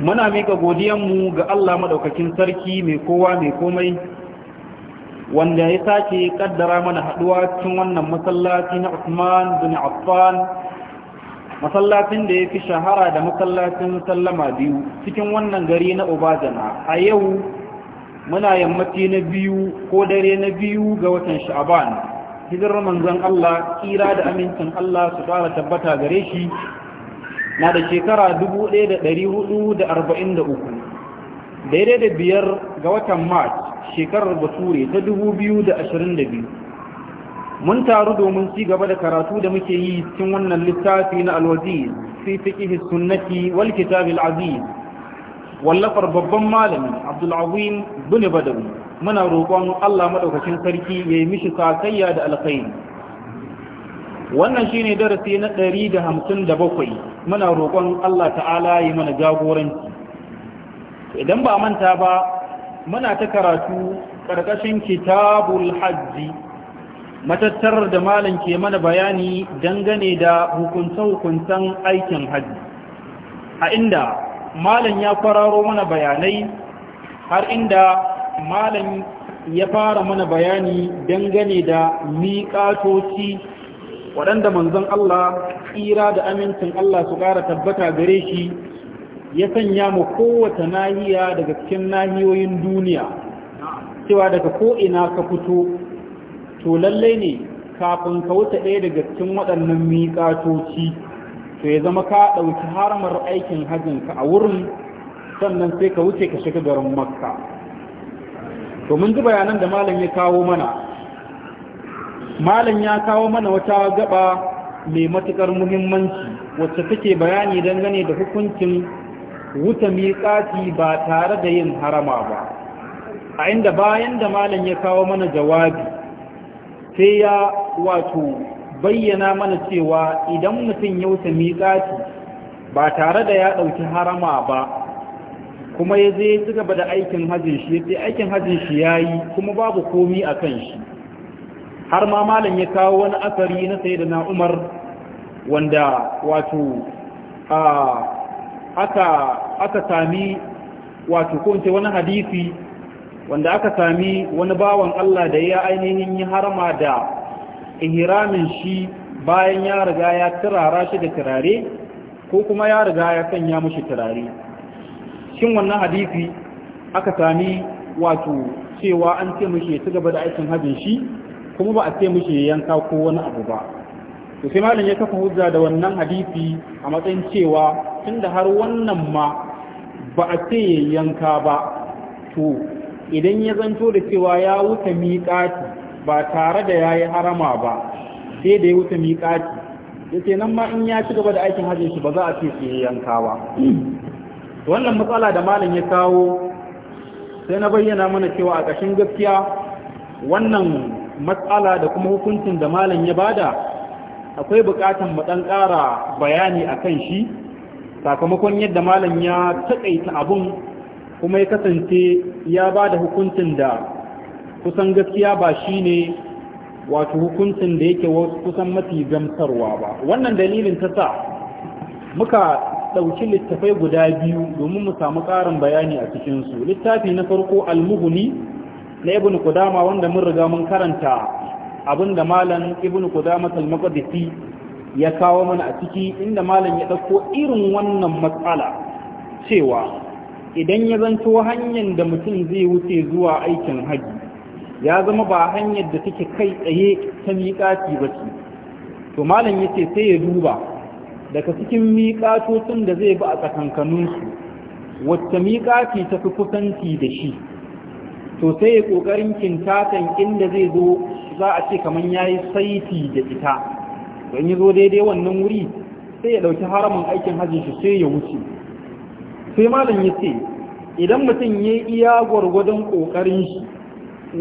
muna mika godiyanmu ga Allah madaukakin sarki mai kowa mai komai wanda ya sake kaddara mana haɗuwa cikin wannan masallaci na Usman bin Affan masallacin da ya fi shahara da masallacin sallama biyu cikin wannan gari na Obajana a yau muna yammaci na biyu ko dare na biyu ga watan Sha'aban hijirar manzon Allah kira da amincin Allah su fara tabbata gare shi na da shekara 1443 daidai da biyar ga watan march shekarar bature ta 2022 mun taru domin ci gaba da karatu da muke yi cikin wannan littafi na alwaziz fi fiqh sunnati wal kitab aziz wallafar babban malami abdul azim bin badawi muna roƙon Allah maɗaukacin sarki yi mishi sakayya da alkhairi wannan shine darasi na ɗari da hamsin da bakwai muna roƙon Allah ta'ala yi mana jagoranci idan ba manta ba muna ta karatu ƙarƙashin kitabul hajji matattar da malam ke mana bayani dangane da hukunce-hukuncen aikin hajji a inda malam ya fararo mana bayanai har inda malam ya fara mana bayani dangane da miƙatoci waɗanda manzon Allah tsira da amincin Allah su ƙara tabbata gare shi ya sanya mu kowace nahiya daga cikin nahiyoyin duniya cewa daga ko'ina ka fito to lallai ne kafin ka wuce ɗaya daga cikin waɗannan miƙatoci to ya zama ka ɗauki haramar aikin hajjinka a wurin sannan sai ka wuce ka shiga garin makka to mun ji bayanan da malam ya kawo mana malam ya kawo mana wata gaba mai matukar muhimmanci wacce take bayani dangane da hukuncin wuta miƙati ba tare da yin harama ba a inda bayan da malam ya kawo mana jawabi sai ya wato bayyana mana cewa idan mutum ya wuta miƙati ba tare da ya ɗauki harama ba kuma ya zai ci gaba da aikin hajjin shi ya aikin hajjin shi ya yi kuma babu komi a kan shi har ma malam ya kawo wani asari na sayyidina Umar wanda wato aka aka sami wato ko wani hadisi wanda aka sami wani bawan Allah da ya ainihin yi harama da ihramin shi bayan ya riga ya turara shi da turare ko kuma ya riga ya sanya mushi turare shin wannan hadisi aka sami wato cewa an ce mushi ya ci gaba da aikin hajjin shi kuma ba a ce mushi yanka ko wani abu ba to sai malam ya kafa hujja da wannan hadisi a matsayin cewa tunda har wannan ma ba a ce ya yanka ba to idan ya zanto da cewa ya wuce miƙati ba tare da ya harama ba sai da ya wuce miƙati ya nan ma in ya ci gaba da aikin hajjin shi ba za a ce sai yanka ba wannan matsala da malam ya kawo sai na bayyana mana cewa a ƙashin gaskiya wannan matsala da kuma hukuncin da malam ya bada akwai bukatan mu dan ƙara bayani akan shi sakamakon yadda malam ya takaita abun kuma ya kasance ya bada hukuncin da kusan gaskiya ba shine wato hukuncin da yake kusan mafi gamsarwa ba wannan dalilin ta sa muka ɗauki littafai guda biyu domin mu samu ƙarin bayani a cikin su littafi na farko almuhuni na ibn kudama wanda mun riga mun karanta abinda malam ibn kudama al-maqdisi ya kawo mana a ciki inda malam ya dauko irin wannan matsala cewa idan ya zanto hanyar da mutum zai wuce zuwa aikin haji ya zama ba hanyar da take kai tsaye ta miƙaci ba ce to malam ya ce sai ya duba daga cikin miƙatocin da zai bi a tsakankanunsu wacce miƙaci ta fi kusanci da shi to sai ya kokarin kintatan inda zai zo za a ce kaman yayi saiti da ita don yazo zo daidai wannan wuri sai ya ɗauki haramin aikin hajjin shi sai ya wuce sai malam ya ce idan mutum ya iya gwargwadon kokarin shi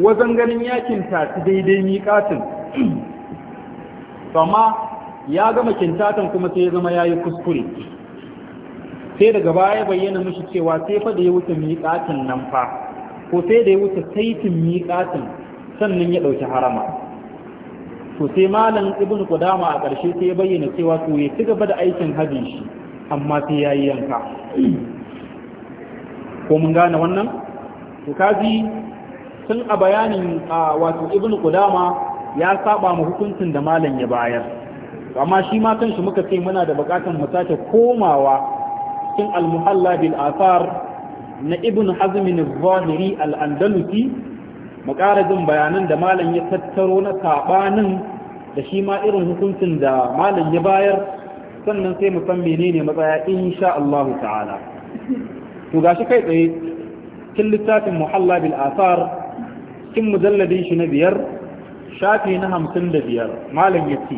wajen ganin ya kintaci daidai miƙatin amma ya gama kintatan kuma sai ya zama ya yi kuskure sai daga baya bayyana mishi cewa sai fa da ya wuce miƙatin nan fa ko sai da ya wuce saitin miƙatin sannan ya ɗauki harama to sai malam ibn qudama a ƙarshe sai ya bayyana cewa to ya ci gaba da aikin hajjin shi amma sai ya yi yanka ko mun gane wannan to kaji tun a bayanin wato ibn qudama ya saba mu hukuncin da malam ya bayar amma shi ma kanshi muka ce muna da bukatar mu sake komawa cikin al-muhalla bil athar na ibn hazmin zahiri al'andalusi makarajin bayanan da malam ya tattaro na saɓanin da shi ma irin hukuncin da malam ya bayar sannan sai mu san menene matsaya insha Allah ta'ala to gashi kai tsaye kin littafin muhalla bil asar cikin mujalladin shi na biyar shafi na hamsin da biyar malam ya ce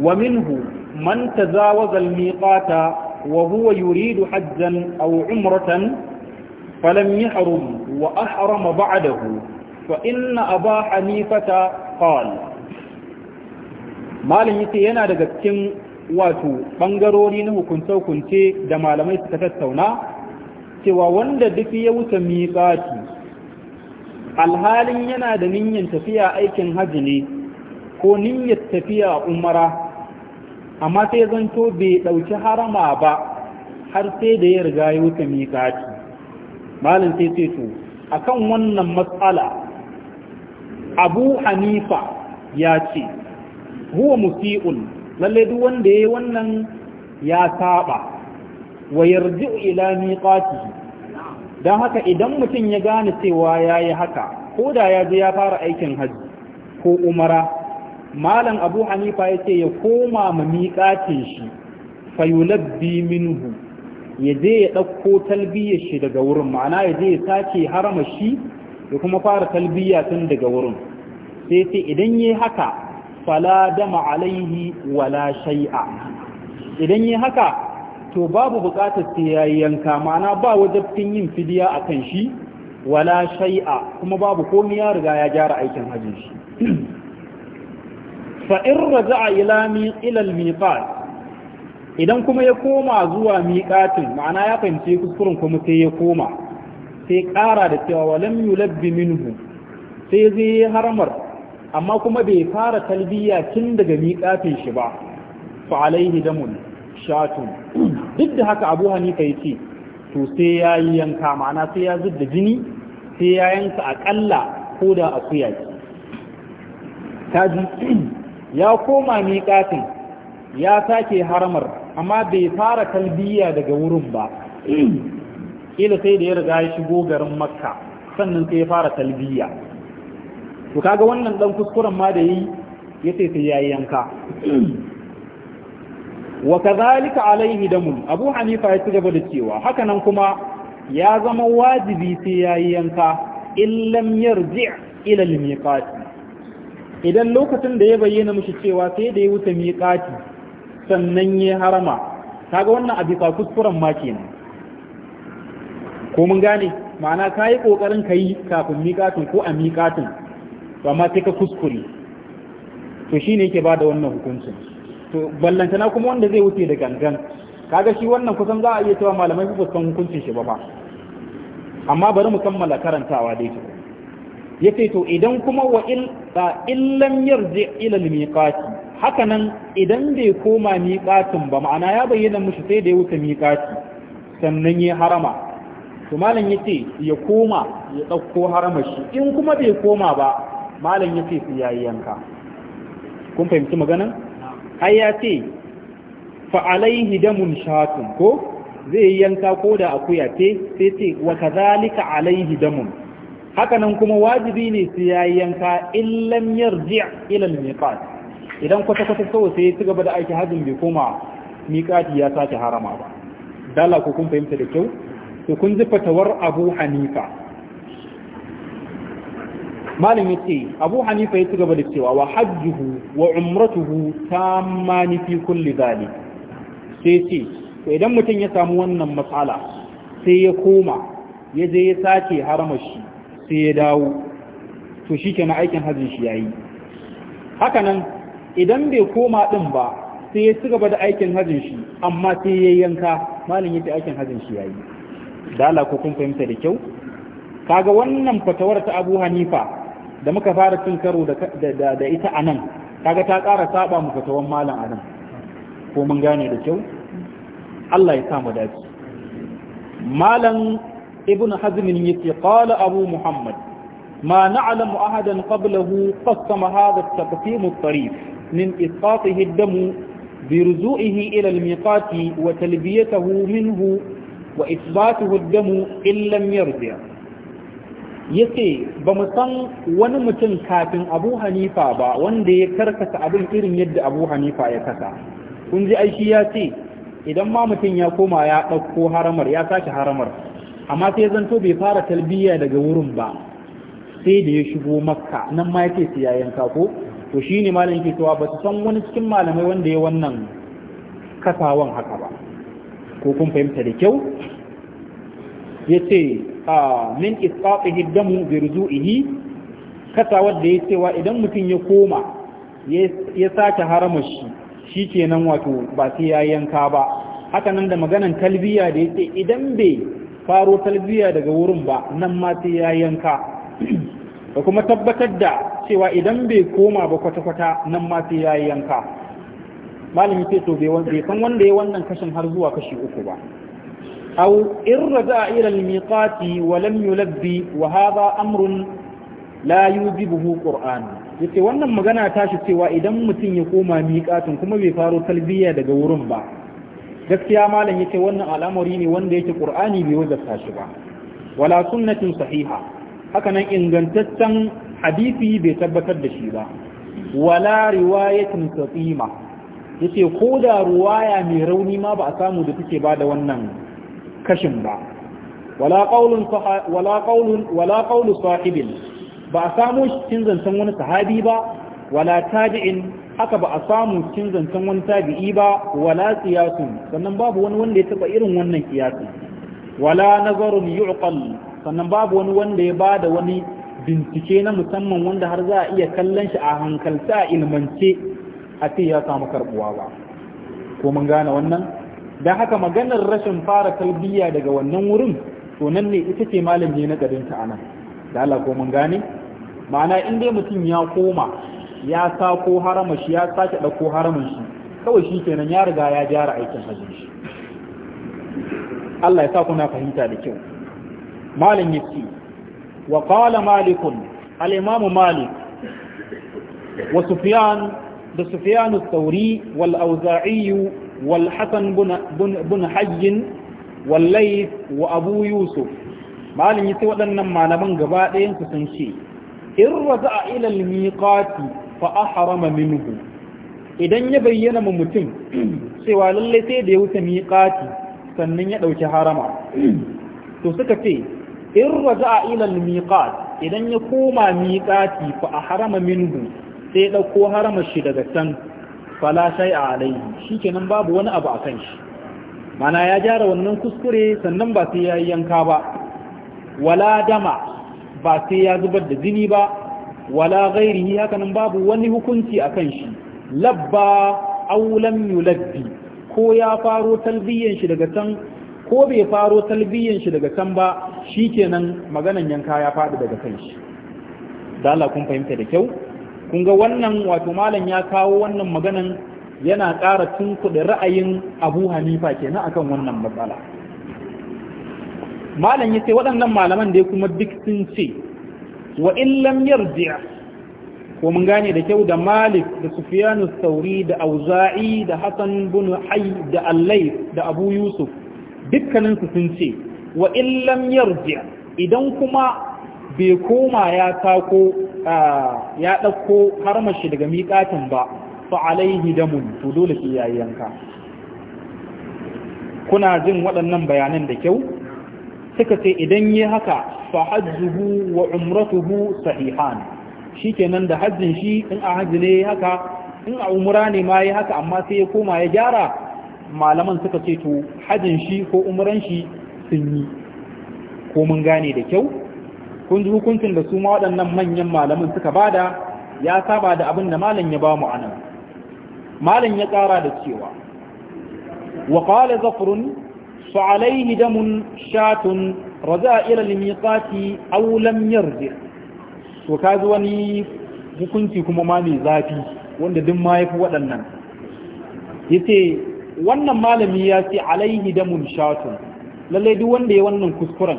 wa minhu man tazawaza al-miqata وهو يريد حجا أو عمرة فلم يحرم وأحرم بعده فإن أبا حنيفة قال malin yace yana daga cikin wato bangarori na hukunce-hukunce da malamai suka tattauna cewa wanda duk ya wuce miƙati alhalin yana da niyyar tafiya aikin hajji ne ko niyyar tafiya umara amma sai zan to bai ɗauki harama ba har sai da ya riga ya wuce miƙati malin sai ce to akan wannan matsala abu hanifa ya ce huwa musi'un lalle duk wanda ya yi wannan ya saba wa yarji ila miqatihi dan haka idan mutum ya gane cewa yayi haka ko da ya ji ya fara aikin haji ko umara malam abu hanifa ya ce ya koma ma miƙatin shi fayulabbi minhu ya je ya ɗauko talbiyar shi daga wurin ma'ana ya je ya sace harama shi ya kuma fara talbiya tun daga wurin sai sai idan yi haka fala dama alaihi wala shai'a idan yi haka to babu bukatar sai ya yanka ma'ana ba wajabtin yin fidiya a kan shi wala shai'a kuma babu komai ya riga ya gyara aikin hajjin fa'in raja'a ilal miƙat idan kuma ya koma zuwa miƙatin ma'ana ya fahimci kuskuren kuma sai ya koma sai ƙara da cewa walam yulabbi minhu sai zai haramar amma kuma bai fara talbiya tun daga miƙatin shi ba fa alaihi damun shatun duk da haka abu hanifa yi ce to sai ya yi yanka ma'ana sai ya zub da jini sai ya yanka aƙalla ko da akuya ji. ya koma miƙatin ya sake haramar amma bai fara kalbiya daga wurin ba Ila sai da ya riga ya shigo garin makka sannan sai ya fara kalbiya. to kaga wannan dan kuskuren ma da yi ya sai sai yayi yanka wa kadhalika alaihi damun abu hanifa ya ci gaba da cewa haka nan kuma ya zama wajibi sai yayi yanka in lam yarji ila al-miqati idan lokacin da ya bayyana mishi cewa sai da ya wuce miƙati sannan ya harama kaga wannan a bisa kuskuren ma kenan ko mun gane ma'ana ka yi ƙoƙarin ka yi kafin miƙatin ko a miƙatin to amma sai ka kuskure to shi ne yake ba da wannan hukuncin to ballantana kuma wanda zai wuce da gangan kaga shi wannan kusan za a iya cewa malamai ba san hukuncin shi ba ba amma bari mu kammala karantawa dai yace to idan kuma wa in illan yarji ila miqati haka nan idan bai koma miqatin ba ma'ana ya bayyana mushi sai da ya wuce miqati sannan ya harama to malam yace ya koma ya dauko harama shi in kuma bai koma ba malam yace su yayi yanka kun fahimci maganan ai ya ce fa alaihi damun shatun ko zai yanka ko da akuya ce sai ce wa kadhalika alaihi damun hakanan kuma wajibi ne su yayi yanka illam yarji' ila al-miqat idan kwata kwata kawai sai ya ci gaba da aiki hajjin bai koma miqati ya sake harama ba dala ko kun fahimta da kyau to kun ji fatawar Abu Hanifa malam ce Abu Hanifa ya ci gaba da cewa wa hajjuhu wa umratuhu tammani fi kulli dhalik sai ce to idan mutum ya samu wannan matsala sai ya koma ya je ya sake haramar shi sai ya dawo to shi kenan aikin hajji shi yayi haka nan idan bai koma din ba sai ya ci gaba da aikin hajjin shi amma sai ya yanka malin yadda aikin hajjin shi yayi dala ko kun fahimta da kyau kaga wannan fatawar ta Abu Hanifa da muka fara cin karo da da ita anan kaga ta ƙara saba mu fatawan malam anan ko mun gane da kyau Allah ya sa mu dace malam ibn hazmin yake qala abu muhammad ma na'lamu ahadan qablahu qassama hadha at-taqsim at-tarif min isqatihi ad-dam birzu'ihi ila al-miqati wa talbiyatihi minhu wa isbatuhu ad-dam in lam yarji yace ba mu san wani mutum kafin Abu Hanifa ba wanda ya karkata abin irin yadda Abu Hanifa ya kasa kun ji aiki ya ce idan ma mutum ya koma ya ɗauko haramar ya tashi haramar amma sai zan zanto bai fara talbiya daga wurin ba sai da ya shigo makka nan ma yake su ya yanka ko to shine malam ke cewa ba su san wani cikin malamai wanda ya wannan kasawan haka ba ko kun fahimta da kyau yace a min isqatihi damu bi ruzu'ihi kasawar da ya cewa idan mutum ya koma ya sake harama shi shi kenan wato ba sai ya yanka ba haka nan da maganan talbiya da ya ce idan bai faro talbiya daga wurin ba nan ma sai ya yanka da kuma tabbatar da cewa idan bai koma ba kwata-kwata nan ma sai ya yanka malami sai to bai san wanda ya wannan kashin har zuwa kashi uku ba A إن رجع wa lam ولم wa وهذا amrun la yujibuhu qur'an yace wannan magana tashi cewa idan mutum ya koma miƙatin kuma bai faro talbiya daga wurin ba gaskiya malam yace wannan al'amari ne wanda yake qur'ani bai wajabta shi ba wala sunnatin sahiha haka nan ingantaccen hadisi bai tabbatar da shi ba wala riwayatin saqima yace ko da ruwaya mai rauni ma ba a samu da take ba da wannan kashin ba wala qaulun wala qaulun wala qaulu sahibin ba a samu cikin zancen wani sahabi ba wala tabi'in haka ba a samu cikin zancen wani tabi'i ba wala qiyasun sannan babu wani wanda ya taba irin wannan qiyasi wala nazarun yu'qal sannan babu wani wanda ya bada wani bincike na musamman wanda har za a iya kallon shi a hankalta a ilmance a ce ya samu karbuwa ba ko mun gane wannan dan haka maganar rashin fara talbiya daga wannan wurin to nan ne ita ce malam ne na gadin ta anan da Allah ko mun gane ma'ana in dai mutum ya koma ya sako haramun shi ya sake ɗauko haramun shi kawai shi kenan ya riga ya gyara aikin hajjin shi Allah ya sa kuna fahimta da kyau malam yace wa qala malik al-imam malik wa sufyan da sufyan sauri, thawri wal awza'i wal hasan bin bin hajj wal layth wa abu yusuf malam yace waɗannan malaman gaba ɗayan su sun ce in raza'a ila al-miqati fa ahrama minhu idan ya bayyana mu mutum cewa lallai sai da ya wuce miqati sannan ya ɗauki harama to suka ce in raja'a ila al-miqat idan ya koma miqati fa ahrama minhu sai ya ɗauko harama shi daga can fala shay'a shi shikenan babu wani abu a kan shi mana ya gyara wannan kuskure sannan ba sai ya yanka ba wala dama ba sai ya zubar da jini ba wala ghairihi hakanan babu wani hukunci akan shi labba aw lam yulabbi ko ya faro talbiyan shi daga can ko bai faro talbiyan shi daga can ba shikenan maganan yanka ya faɗi daga kan shi da Allah kun fahimta da kyau kun ga wannan wato malam ya kawo wannan maganan yana ƙara tunkuɗe ra'ayin Abu Hanifa kenan akan wannan matsala malam yace waɗannan malaman da kuma duk sun ce wa in yarji ko mun gane da kyau da Malik da Sufyan al-Thawri da Auza'i da Hasan bin da Allay da Abu Yusuf dukkanin su sun ce wa in lam yarji idan kuma bai koma ya tako ya dauko harmashi daga miƙatin ba fa alaihi damun to dole ki yayyanka kuna jin waɗannan bayanan da kyau suka ce idan yi haka fa hajjuhu wa umratuhu sahihan shikenan da hajjin shi in a hajji ne haka in a umra ne ma yi haka amma sai ya koma ya gyara malaman suka ce to hajjin shi ko umran shi sun yi ko mun gane da kyau kun ji hukuncin da su ma waɗannan manyan malaman suka bada ya saba da abin da malam ya ba mu anan malam ya ƙara da cewa wa qala zafrun fa alaihi damun shatun raja ila limiqati aw lam yarji to kaji wani hukunci kuma ma mai zafi wanda duk ma yafi waɗannan yace wannan malami ya ce alaihi damun shatun lallai duk wanda ya wannan kuskuren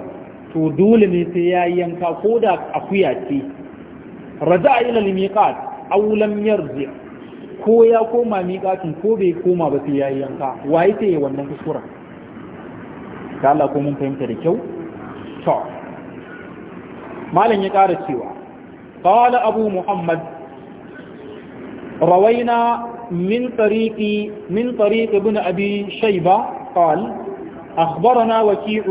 to dole ne sai ya yanka ko da akuya ce raja ila limiqat aw lam yarji ko ya koma miƙatin ko bai koma ba sai ya yanka waye ce wannan kuskuren Ta Allah ko mun fahimta da kyau to ما ya ƙara cewa قال أبو محمد روينا من طريق من طريق ibn أبي شيبة قال أخبرنا وكيع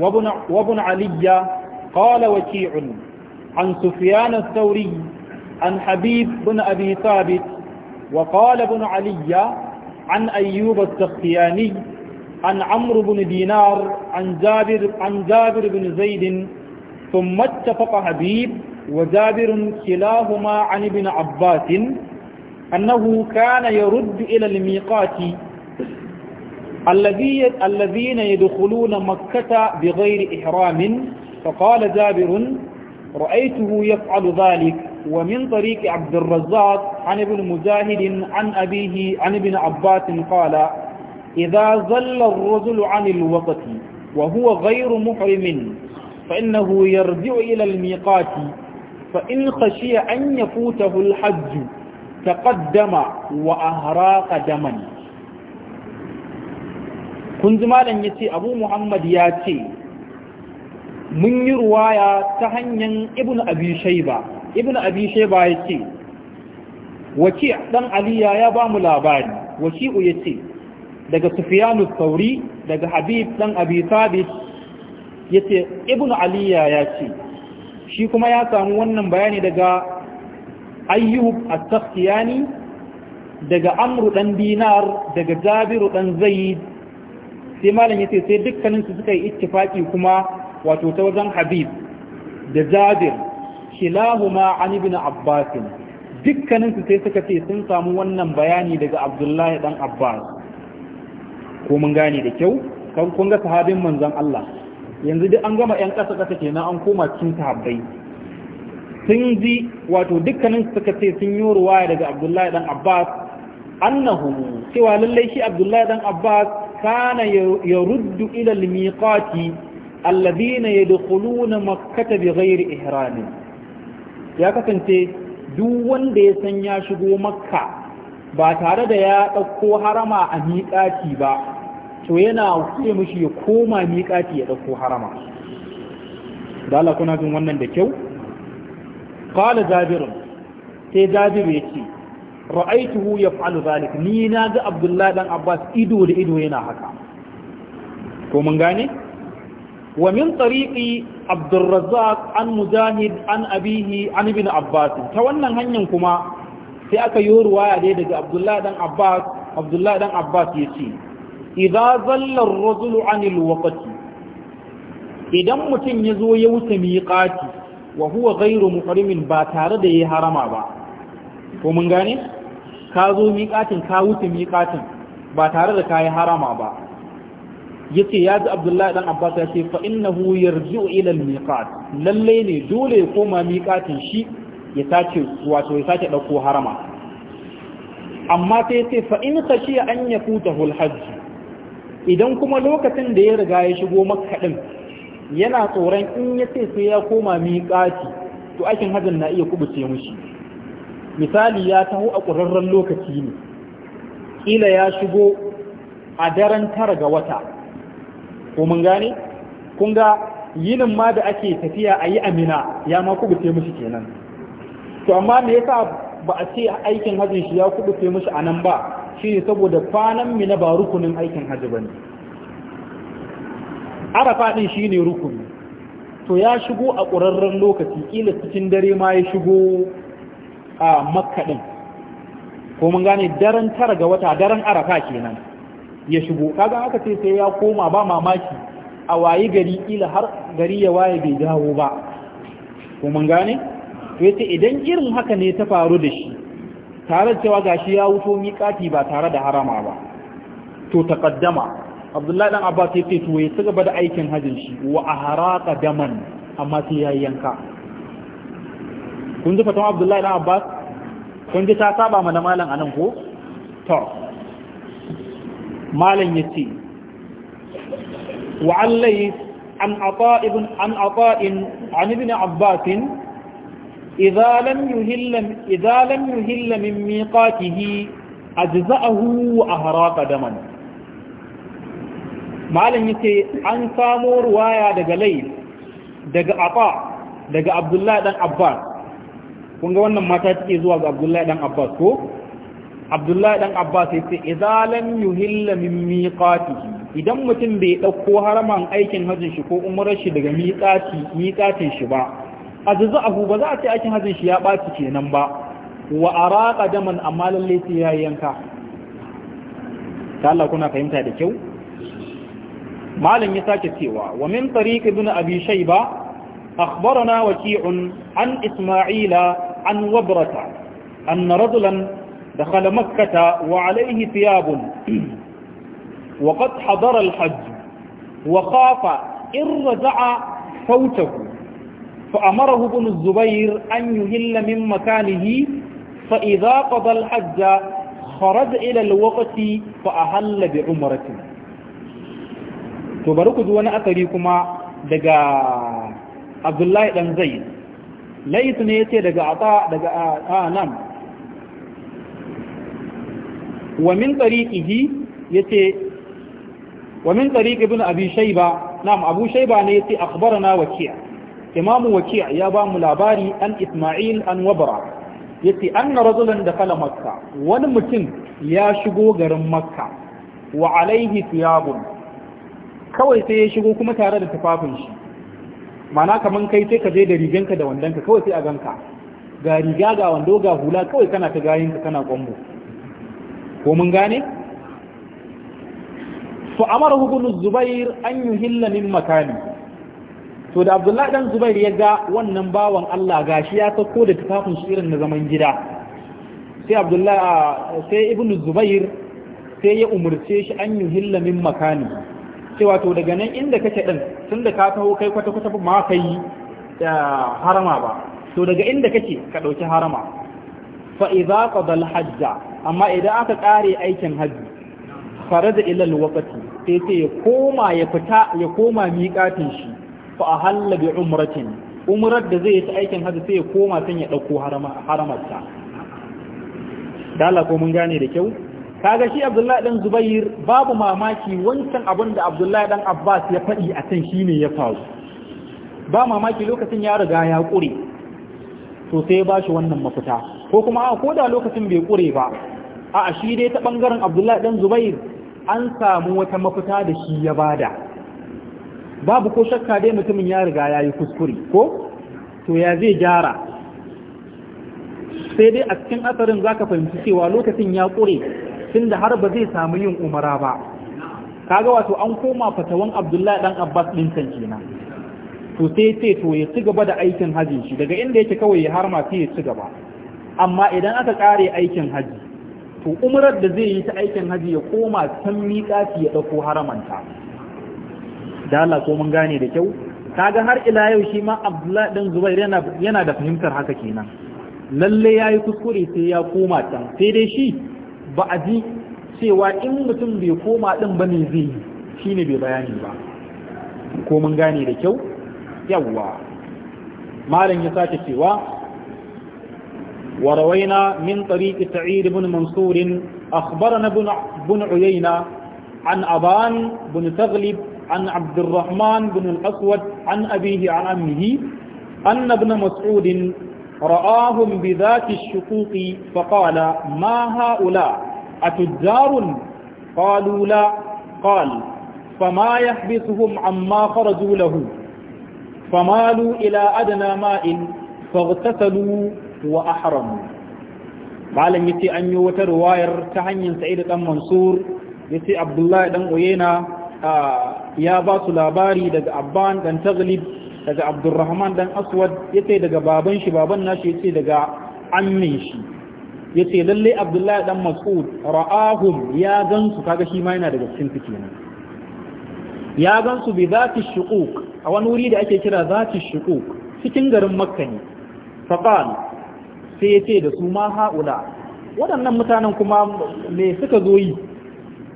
وابن, وابن علي قال وكيع عن سفيان الثوري عن حبيب بن أبي ثابت وقال ابن علي عن أيوب السختياني عن عمرو بن دينار عن جابر عن جابر بن زيد ثم اتفق حبيب وجابر كلاهما عن ابن عباس أنه كان يرد إلى الميقات الذي الذين يدخلون مكة بغير إحرام فقال جابر رأيته يفعل ذلك ومن طريق عبد الرزاق عن ابن مجاهد عن أبيه عن ابن عباس قال إذا ظل الرجل عن الوقت وهو غير محرم فإنه يرجع إلى الميقات فإن خشي أن يفوته الحج تقدم وأهراق دما كنت مالا يتي أبو محمد ياتي من رواية تهنيا ابن أبي شيبة ابن أبي شيبة يتي وكيع دم علي يا بام لابان وكيع يتي daga sufiyanu sauri daga habib dan abi sabit ya ce ibn aliya ya ce shi kuma ya samu wannan bayani daga ayyub as-sakhtiyani daga amru ɗan dinar daga jabiru dan zaid sai malam yace sai dukkanin suka yi ittifaki kuma wato ta wajen habib da jabir kilahuma an ibn abbas dukkanin sai suka ce sun samu wannan bayani daga abdullahi ɗan abbas ko mun gane da kyau kan kun ga sahabin manzon Allah yanzu duk an gama yan ƙasa kasa kenan an koma cikin sahabbai sun ji wato dukkanin suka ce sun yi ruwaya daga Abdullahi dan Abbas annahum cewa lallai shi Abdullahi dan Abbas kana yaruddu ila al-miqati alladhina yadkhuluna makkah bighairi ihram ya kasance duk wanda ya san ya shigo makka ba tare da ya ɗauko harama a miƙaci ba to yana ce mishi ya koma miƙati ya ɗauko harama da Allah kuna jin wannan da kyau qala jabir sai jabir ya ce ra'aituhu fa'alu zalik ni na ga abdullahi dan abbas ido da ido yana haka ko mun gane wa min tariqi abdurrazzaq an mujahid an abihi an ibn abbas ta wannan hanyar kuma sai aka yi ruwaya ya daga abdullahi dan abbas abdullahi dan abbas yace Idan zallar ar-rajulu 'anil waqti idan mutum ya zo ya wuce miqati wa huwa ghairu muhrimin ba tare da yayi harama ba ko mun gane ka zo miqatin ka wuce miqatin ba tare da ka yi harama ba Ya ce ya ji Abdullahi ɗan Abbas ya ce fa innahu yarji'u ila ilal miqat lallai ne dole ya koma miqatin shi ya sace wato ya sace ɗauko harama amma sai ce fa in khashiya an yakutahu al-hajj idan kuma lokacin da ya riga ya shigo makka din yana tsoron in ya ce sai ya koma miƙati to aikin hajjin na iya kubuce mushi misali ya taho a ƙurarren lokaci ne ƙila ya shigo a daren tara ga wata ko mun gane kun ga yinin ma da ake tafiya a yi amina ya ma kubuce mushi kenan to amma me yasa ba a ce aikin hajjin shi ya kubuce mushi a nan ba shi ne saboda kwanan na ba rukunin aikin hajji ba ne arafa ɗin shi ne rukuni to ya shigo a ƙurarren lokaci ƙila cikin dare ma ya shigo a makaɗin ko mun gane daren tara ga wata daren arafa kenan ya shigo kaga haka ce sai ya koma ba mamaki a waye gari ƙila har gari ya waye bai dawo ba ko mun gane to yace idan irin haka ne ta faru da shi tare cewa gashi ya wuto miƙati ba tare da harama ba to taqaddama Abdullahi dan Abbas yace to ya ci gaba da aikin hajjin shi wa ahraqa daman amma sai ya yanka kun ji fatan Abdullahi dan Abbas kun ji ta saba mana malam anan ko to malam yace wa allai an ata ibn an ata an ibn abbas إذا لم يهل, إذا لم يهل من ميقاته أجزأه وأهراق دما ما لن يتي أن wannan mata take ga Abdullahi dan Abbas ko Abdullahi dan Abbas idan mutum bai dauko haraman aikin hajjin shi ko umrar shi daga miqati miqatin shi ba a abu ba za a ce aikin hajjin shi ya ɓaci kenan ba wa araqa daman amma lalle su ya yanka ta Allah kuna fahimta da kyau malam ya sake cewa wa min tariq ibn abi shayba na waqi'un an isma'ila an wabrata anna rajulan دخل مكة وعليه ثياب وقد حضر wa وخاف إن رجع فوته فأمره ابن الزبير أن يهل من مكانه فإذا قضى الحج خرج إلى الوقت فأهل بعمرة تبارك دوانا أتريكما دقا عبد الله بن زيد ليس نيتي دقا عطاء دقا آنام ومن طريقه يتي ومن طريق ابن أبي شيبة نعم أبو شيبة نيتي أخبرنا وكيع imamu Wakiya ya ba mu labari an isma'il an wabara yace anna rajulan kala makka wani mutum ya shigo garin makka wa alaihi thiyabun kawai sai ya shigo kuma tare da tufafin shi mana kaman kai sai ka je da riganka da wandanka kawai sai a ganka ga riga ga wando ga hula kawai kana ta gayin ka kana kwambo ko mun gane fa amara ibn zubair an yuhilla min makani to da abdullahi dan zubair ya ga wannan bawan Allah gashi ya sako da tufafin shi irin na zaman gida sai abdullahi sai ibnu zubair sai ya umurce shi an hilla min makani sai wato daga nan inda kake din tunda ka taho kai kwata kwata ma kai harama ba to daga inda kake ka dauki harama fa idza qada al hajja amma idan aka kare aikin haji faraja ila al waqti sai sai ya koma ya fita ya koma miƙatin shi fa ahalla bi umratin umrar da zai yi ta aikin hajji sai ya koma san ya dauko haramarsa da Allah ko mun gane da kyau kaga shi Abdullahi dan Zubair babu mamaki wancan abin da Abdullahi dan Abbas ya faɗi a kan shine ya faru ba mamaki lokacin ya riga ya kure to sai ya bashi wannan mafita ko kuma a da lokacin bai kure ba A'a shi dai ta bangaren Abdullahi dan Zubair an samu wata mafita da shi ya bada babu ko shakka dai mutumin ya riga ya yi kuskure ko to ya zai gyara sai dai a cikin asarin za ka fahimci cewa lokacin ya ƙure tun da har ba zai samu yin umara ba kaga wato an koma fatawan abdullahi dan abbas ɗin can kenan to sai ce to ya ci gaba da aikin hajji shi daga inda yake kawai ya harma sai ya ci gaba amma idan aka ƙare aikin hajji to umarar da zai yi ta aikin hajji ya koma can miƙa ya ɗauko haramanta da ko mun gane da kyau kaga har ila yau shi ma Abdullah dan Zubair yana yana da fahimtar haka kenan lalle yayi kuskure sai ya koma can sai dai shi ba a ji cewa in mutum bai koma din ba ne zai shine bai bayani ba ko mun gane da kyau yawwa malam ya sake cewa وروينا من طريق سعيد بن منصور أخبرنا بن, بن عيينة عن أبان بن تغلب عن عبد الرحمن بن الأسود عن أبيه عن أمه أن ابن مسعود رآهم بذات الشقوق فقال ما هؤلاء أتجار قالوا لا قال فما يحبسهم عما خرجوا له فمالوا إلى أدنى ماء فاغتسلوا وأحرموا malam yace an yi wata ruwayar ta hanyar sa'id dan mansur yace abdullahi dan uyena ya ba su labari daga abban dan taglib daga abdurrahman dan aswad yace daga baban shi baban nashi yace daga ammin shi yace lalle abdullahi dan mas'ud ra'ahum ya gansu kaga shi ma yana daga cikin su kenan ya gansu bi zati shuquq a wani wuri da ake kira zati shuquq cikin garin makka ne faqal sai yace da su ma haula waɗannan mutanen kuma me suka zo yi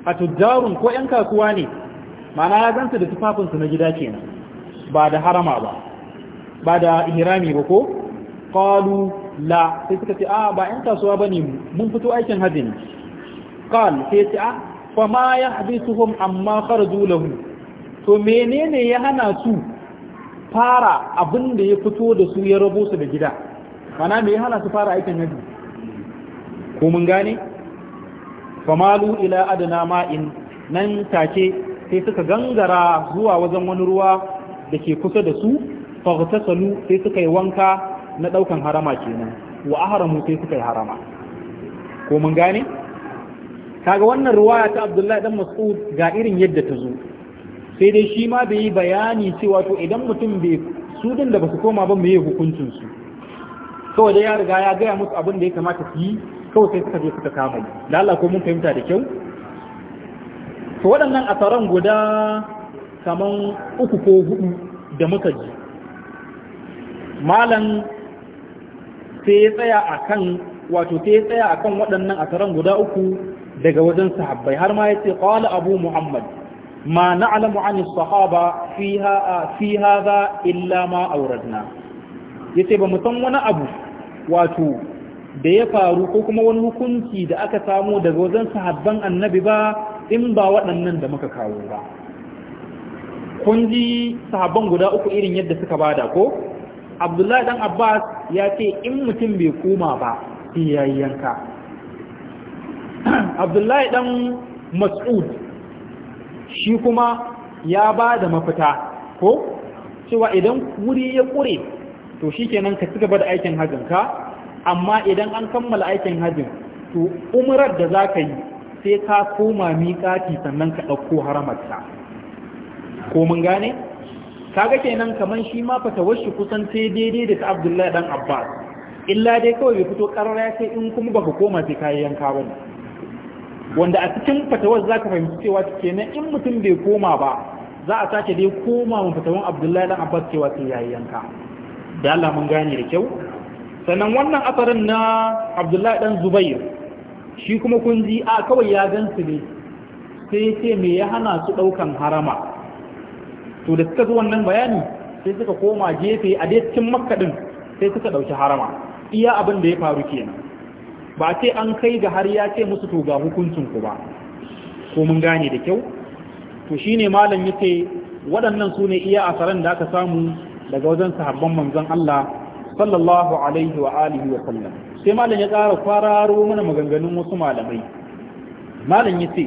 a tujjarun ko 'yan kasuwa ne mana ya gansa da tufafinsu na gida kenan ba da harama ba ba da ihrami ba ko qalu la sai suka ce a ba in kasuwa bane mun fito aikin haji ne qal sai ce a fa ma yahbisuhum amma kharaju lahu to menene ya hana su fara abin da ya fito da su ya rabo su da gida mana me ya hana su fara aikin haji? ko mun gane famalu ila adna ma'in nan take sai suka gangara zuwa wajen wani ruwa da ke kusa da su salu sai suka yi wanka na daukan harama kenan wa aharamu sai suka yi harama ko mun gane kaga wannan ruwaya ta Abdullahi dan Mas'ud ga irin yadda ta zo sai dai shi ma bai yi bayani cewa to idan mutum bai su din da basu koma ba mu yi hukuncin su kawai dai ya riga ya gaya musu abin da ya kamata su yi kawai sai suka je suka kama da Allah ko mun fahimta da kyau to waɗannan asaran guda kaman uku ko hudu da muka ji malam sai ya tsaya a kan wato sai ya tsaya a kan waɗannan asaran guda uku daga wajen sahabbai har ma ya ce ƙwala abu muhammad ma na'lamu an sahaba haɓa fi hadha illa ma ya ce ba mu san wani abu wato da ya faru ko kuma wani hukunci da aka samu daga wajen sahabban annabi ba in ba waɗannan da muka kawo ba kun ji sahabban guda uku irin yadda suka bada ko abdullahi dan abbas ya ce in mutum bai koma ba sai ya yanka abdullahi ɗan mas'ud shi kuma ya ba da mafita ko cewa idan wuri ya ƙure to shi kenan ka ci gaba da aikin hajjinka amma idan an kammala aikin hajjin to umrar da za ka yi sai ka koma miƙati sannan ka ɗauko haramarta ko mun gane kaga kenan kaman shi ma fatawar shi kusan sai daidai da ta abdullahi dan abbas illa dai kawai bai fito karara ya sai in kuma baka koma sai kayi yanka bane wanda a cikin fatawar za ka fahimci cewa kenan in mutum bai koma ba za a sake dai koma mu fatawar abdullahi dan abbas cewa sai yi yanka da Allah mun gane da kyau sannan wannan asarin na abdullahi dan zubair shi kuma kun ji a kawai ya gansu ne sai ce me ya hana su ɗaukan harama to da suka zo wannan bayani sai suka koma jefe a dai cikin sai suka ɗauki harama iya abin da ya faru kenan ba ce an kai ga har ya ce musu to ga hukuncin ku ba ko mun gane da kyau to shine malam yace waɗannan su ne iya asaran da aka samu daga wajen sahabban manzon Allah sallallahu alaihi wa alihi wa sallam sai malam ya kara kwararo mana maganganun wasu malamai malam ya ce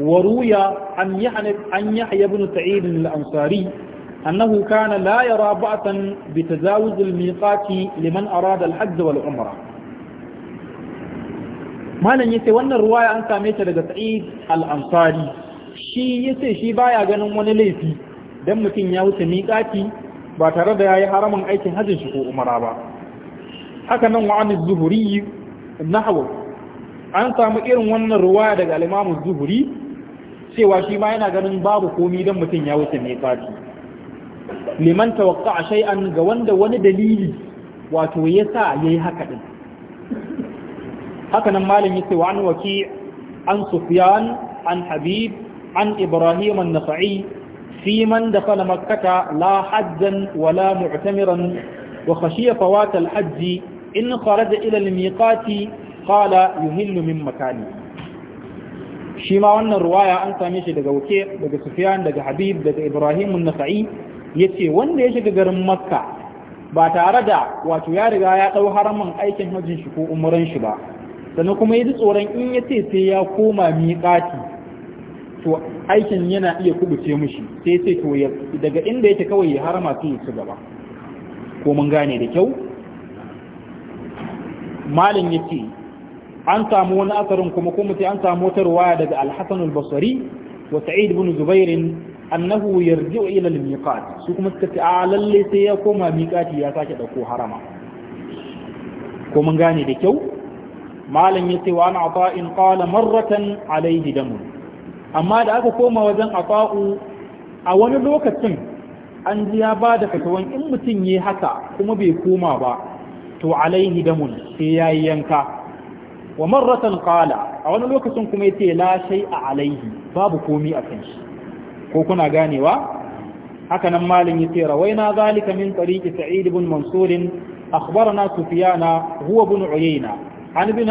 wa ruya an yahya ibn sa'id al-ansari annahu kana la yara ba'tan bi tajawuz al-miqati liman arada al-hajj wal umra malam ya ce wannan ruwaya an same ta daga sa'id al-ansari shi ya shi baya ganin wani laifi dan mutum ya wuce miƙati ba tare da yayi haramin aikin hajjin shi ko umara ba haka nan wa zuhuri nahwu an samu irin wannan ruwaya daga al Zuhuri, cewa shi ma yana ganin babu komi dan mutum ya wuce miqati liman tawaqqa shay'an ga wanda wani dalili wato yasa yayi haka din haka nan malami sai wa an waki an Sufyan an Habib an Ibrahim an-Nasa'i في من دخل مكة لا حجا ولا معتمرا وخشي فوات الحج إن خرج إلى الميقات قال يهل من مكانه shi ma wannan ruwaya an same shi daga wuce daga sufiyan daga habib daga ibrahim nasa'i ya ce wanda ya shiga garin makka ba tare da wato ya riga ya ɗau haraman aikin hajjin shi ko umaran shi ba sannan kuma ya ji tsoron in ya ce sai ya koma miƙati to aikin yana iya kubuce mushi sai sai to daga inda yake kawai ya harama su su gaba ko mun gane da kyau malin ce an samu wani asarin kuma ko mutai an samu wata ruwaya daga al-Hasan al-Basri wa Sa'id ibn Zubairin annahu yarji'u ila al-miqat su kuma suka ce a ah, lalle sai ya koma miqati ya sake dauko harama ko mun gane da kyau malam yace wa an in qala marratan alayhi damun amma da aka koma wajen afa'u a wani lokacin an ji ya ba da fatawan in mutum yi haka kuma bai koma ba to alaihi damun sai ya yi yanka wa marratan kala a wani lokacin kuma ya yace la a alaihi babu komi a kan shi ko kuna ganewa haka nan malin yace rawaina zalika min tariqi sa'id ibn mansur akhbarana sufyana huwa ibn uyayna an ibn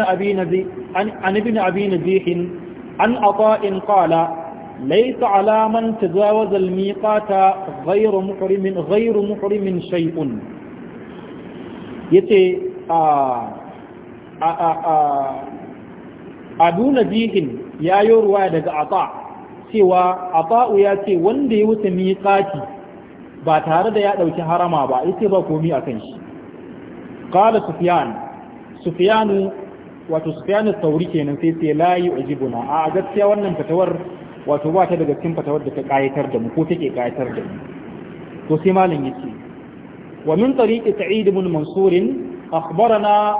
an ibn abi nazih an ata'in in laysa ala man tajawaza al-miqata ghayru muhrimin ghayru muhrimin shay'un yace yayo ruwa daga ata cewa ata'u ya ce wanda ya wuce miqati ba tare da ya ɗauki harama ba ita ba komi a kan shi ƙada sufiyan sufiyanu wato sufyanu sauri kenan sai sai la yu'jibuna a gaskiya wannan fatawar wato ba ta daga cikin fatawar da ta kayatar da mu ko take kayatar da mu to sai malam yace wa min tariqi sa'id ibn mansur akhbarana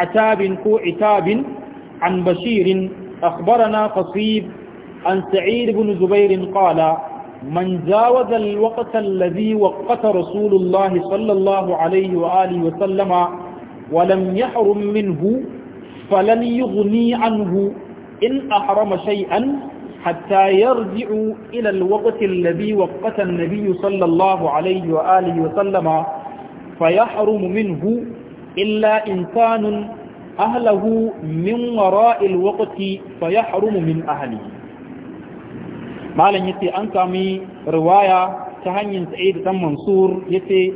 atab ko itab an bashir akhbarana qasib an sa'id ibn zubair qala من جاوز الوقت الذي وقت رسول الله صلى الله عليه وآله وسلم ولم يحرم منه فلن يغني عنه إن أحرم شيئا حتى يرجع إلى الوقت الذي وقت النبي صلى الله عليه وآله وسلم فيحرم منه إلا إنسان أهله من وراء الوقت فيحرم من أهله ما لن يتي أنكمي رواية تهني سعيد منصور يتي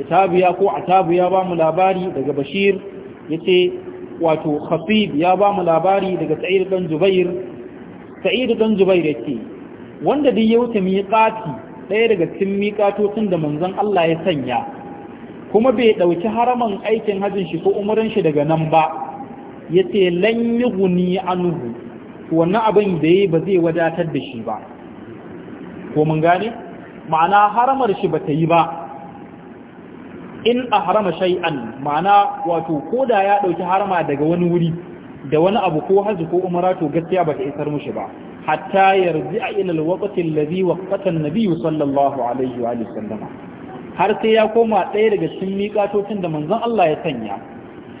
itabiya ko atabu ya ba mu labari daga bashir yace wato khafib ya ba mu labari daga sa'id ɗan zubair sa'id dan zubair yace wanda duk ya wuce miqati ɗaya daga cikin miqatocin da manzon Allah ya sanya kuma bai ɗauki haraman aikin hajjin shi ko umarin shi daga nan ba yace lan yughni anhu wannan abin da yayi ba zai wadatar da shi ba ko mun gane ma'ana haramar shi ba ta yi ba in a harama shay'an ma'ana wato ko da ya ɗauki harama daga wani wuri da wani abu ko haji ko umara to gaskiya ba ta isar mushi ba hatta yarzi a ilal waqtin ladhi waqatan nabiyyu sallallahu alaihi wa sallama har sai ya koma ɗaya daga cikin miƙatocin da manzon Allah ya sanya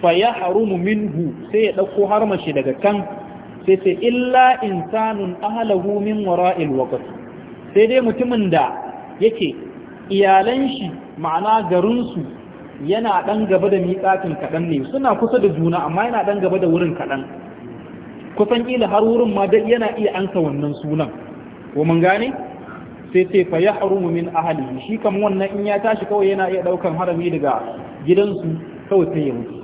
fa ya harumu minhu sai ya ɗauko shi daga kan sai sai illa insanun ahlahu min wara'il waqt sai dai mutumin da yake iyalan shi ma'ana garinsu yana ɗan gaba da miƙatin kaɗan ne suna kusa da juna amma yana ɗan gaba da wurin kaɗan kusan ila har wurin ma dai yana iya ansa wannan sunan ko mun gane sai ce fa yahrumu min ahli shi kam wannan in ya tashi kawai yana iya ɗaukan harami daga gidansu kawai sai ya mutu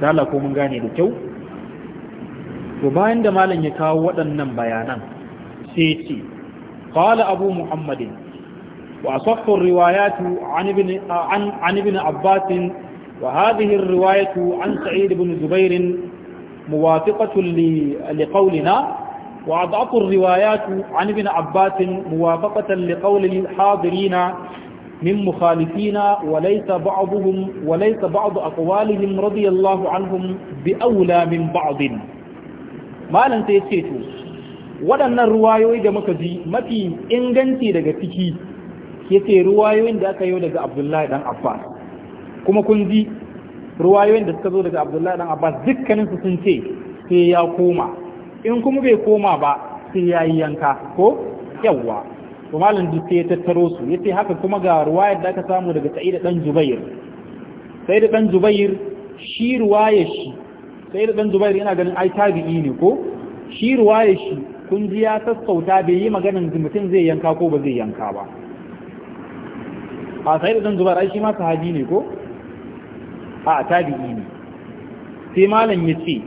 da Allah ko mun gane da kyau to bayan da malam ya kawo waɗannan bayanan sai ce qala abu muhammadin وأصح الروايات عن ابن, عن, عن ابن عباس وهذه الرواية عن سعيد بن زبير موافقة لقولنا وأضعف الروايات عن ابن عباس موافقة لقول الحاضرين من مخالفين وليس بعضهم وليس بعض أقوالهم رضي الله عنهم بأولى من بعض ما لن تيسيتوا waɗannan ruwayoyi da muka ji mafi inganci daga ciki yace ruwayoyin da aka yi daga Abdullahi dan Abbas kuma kun ji ruwayoyin da suka zo daga Abdullahi dan Abbas dukkanin su sun ce sai ya koma in kuma bai koma ba sai ya yi yanka ko yawwa to malam duk sai ya tattaro su yace haka kuma ga ruwayar da aka samu daga Sa'id dan Jubair Sa'id dan Jubair shi ruwayar shi Sa'id dan Jubair yana ganin ai tabi'i ne ko shi ruwayar shi kun ji ya sassauta bai yi maganin mutum zai yanka ko ba zai yanka ba a sai da zan zubar ai shi ma sahabi ne ko a tabi'i ne sai malam ya ce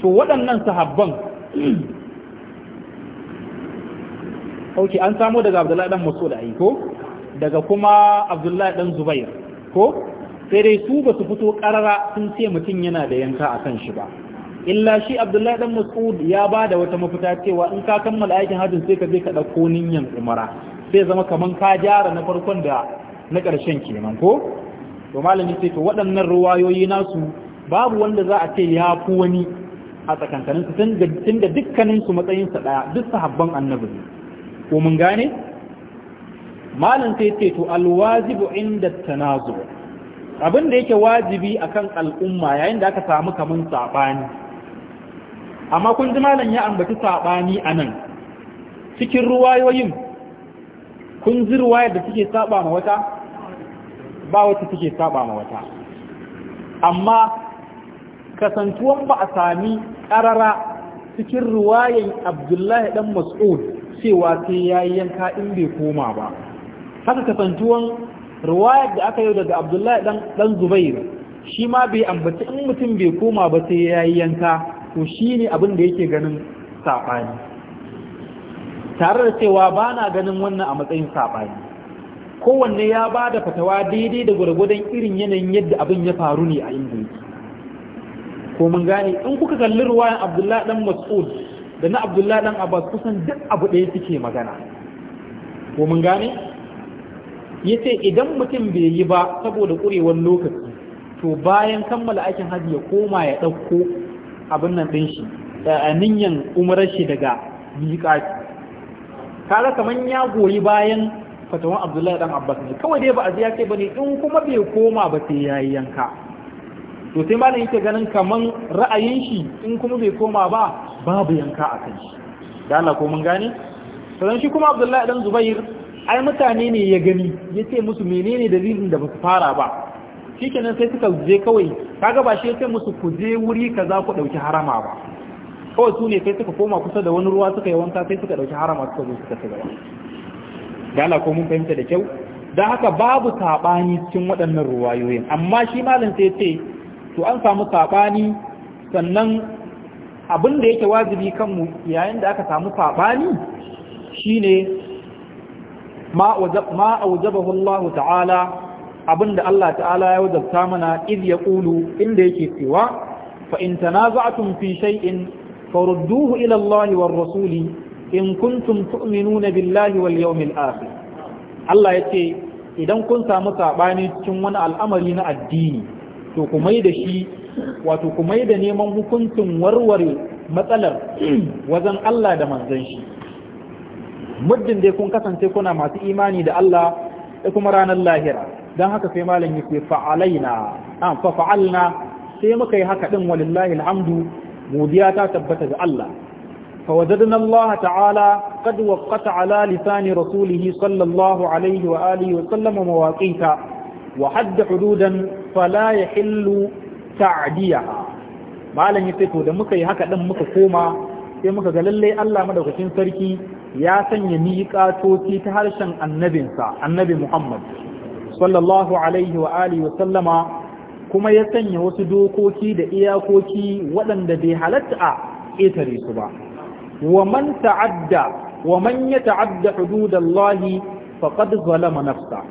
to waɗannan sahabban ok an samo daga abdullahi dan mas'ud ai ko daga kuma abdullahi dan zubair ko sai dai su ba su fito karara sun ce mutum yana da yanka a shi ba illa shi abdullahi dan mas'ud ya ba da wata mafita cewa in ka kammala aikin hajjin sai ka je ka ɗauko niyyar umara sai zama kamar ka jara na farkon da na ƙarshen kenan ko to malami sai to waɗannan ruwayoyi nasu babu wanda za a ce ya fi wani a tsakankanin tun da dukkanin su matsayin sa daya duk sahabban annabi ne ko mun gane malam sai ce to alwajibu inda tanazu abin da yake wajibi akan al'umma yayin da aka samu kaman sabani amma kun ji malam ya ambaci saɓani a nan, cikin ruwayoyin kun ji ruwayar da suke saɓa ma wata ba wata take saba ma wata amma kasantuwan ba a sami ƙarara cikin ruwayan abdullahi dan mas'ud cewa sai ya yi yanka in bai koma ba haka kasantuwan ruwayar da aka yi daga abdullahi dan zubair shi ma bai ambaci in mutum bai koma ba sai ya yi yanka to shi ne abin da yake ganin saɓani tare da cewa ba na ganin wannan a matsayin saɓani kowanne ya ba da fatawa daidai da gwargwadon irin yanayin yadda abin ya faru ne a inda ko mun gane in kuka kalli ruwayan abdullahi dan mas'ud da na abdullahi dan abbas kusan duk abu ɗaya suke magana ko mun gane ya yace idan mutum bai yi ba saboda ƙurewar lokaci to bayan kammala aikin hajji ya koma ya ɗauko abin nan ɗin shi a niyan umarar shi daga miƙa kaga kamar ya goyi bayan fatawan abdullahi dan abbas ne kawai dai ba a ya kai bane in kuma bai koma ba sai yayi yanka to sai malamin yake ganin kaman ra'ayin shi in kuma bai koma ba babu yanka a kan shi da Allah ko mun gane sannan shi kuma abdullahi dan zubair ai mutane ne ya gani ya ce musu menene dalilin da basu fara ba shikenan sai suka je kawai kaga ba shi ya ce musu ku je wuri kaza ku dauki harama ba kawai su ne sai suka koma kusa da wani ruwa suka yi wanka sai suka dauki harama suka zo suka ci gaba da Allah ko mun fahimta da kyau don haka babu saɓani cikin waɗannan ruwayoyin amma shi malam sai ce to an samu saɓani sannan abin da yake wajibi kanmu yayin da aka samu saɓani shine ma aujabahu Allah ta'ala abin da Allah ta'ala ya wajabta mana iz ya ƙulu inda yake cewa fa in tanaza'tum fi shay'in farudduhu ila war rasuli in kuntum tu'minuna billahi wal yawmil akhir Allah yace idan kun samu sabani cikin wani al'amari na addini to ku mai da shi wato ku mai da neman hukuncin warware matsalar wajen Allah da manzon shi muddin dai kun kasance kuna masu imani da Allah da kuma ranar lahira don haka sai malam yake fa'alaina an fa'alna sai muka yi haka din walillahi alhamdu godiya ta tabbata ga Allah فوجدنا الله تعالى قد وقت على لسان رسوله صلى الله عليه وآله وسلم مواقيت وحد حدودا فلا يحل تعديها malam ya fito da muka yi haka ɗin muka koma sai muka ga lallai Allah madaukakin sarki ya sanya miƙatoci ta harshen annabinsa annabi Muhammad sallallahu alaihi wa alihi wa sallama kuma ya sanya wasu dokoki da iyakoki waɗanda bai halatta a ƙetare su ba wa man ta'adda wa man yata'adda hududallahi zalama nafsa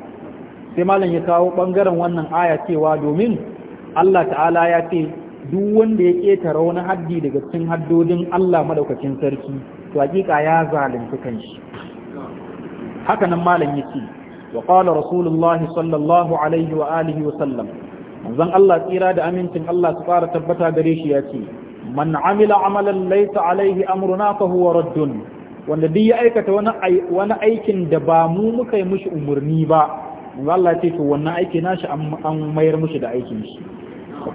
sai malam ya kawo bangaren wannan aya cewa domin Allah ta'ala ya ce duk wanda ya ketara wani haddi daga cikin haddodin Allah madaukakin sarki to hakika ya zalunci kanshi haka nan malam yace wa qala rasulullahi sallallahu alaihi wa alihi wa sallam manzon Allah tsira da amincin Allah su fara tabbata gare shi ya ce. man amila amalan laita alaihi amruna fa huwa raddun wanda duk ya aikata wani wani aikin da ba mu muka yi mushi umurni ba manzo Allah ya to wannan aiki nashi an mayar mushi da aikin shi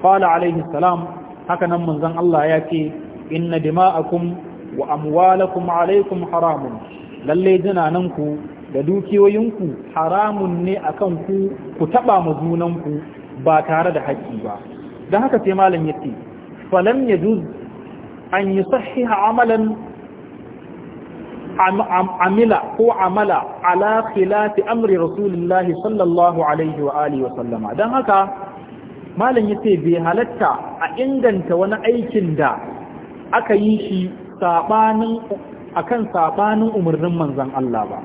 qala alaihi salam haka nan manzon Allah ya ce inna dima'akum wa amwalakum alaikum haramun lalle ku da dukiyoyinku haramun ne akan ku ku taba ku ba tare da haƙƙi ba Dan haka sai malam yace فلم يجوز أن يصحح عملا عم عمل هو عمل على خلاف أمر رسول الله صلى الله عليه وآله وسلم دان هكا ما لن يتبه هلتا أعندنت وانا أيكن دا أكيشي سابان أكن سابان أمر من زن الله با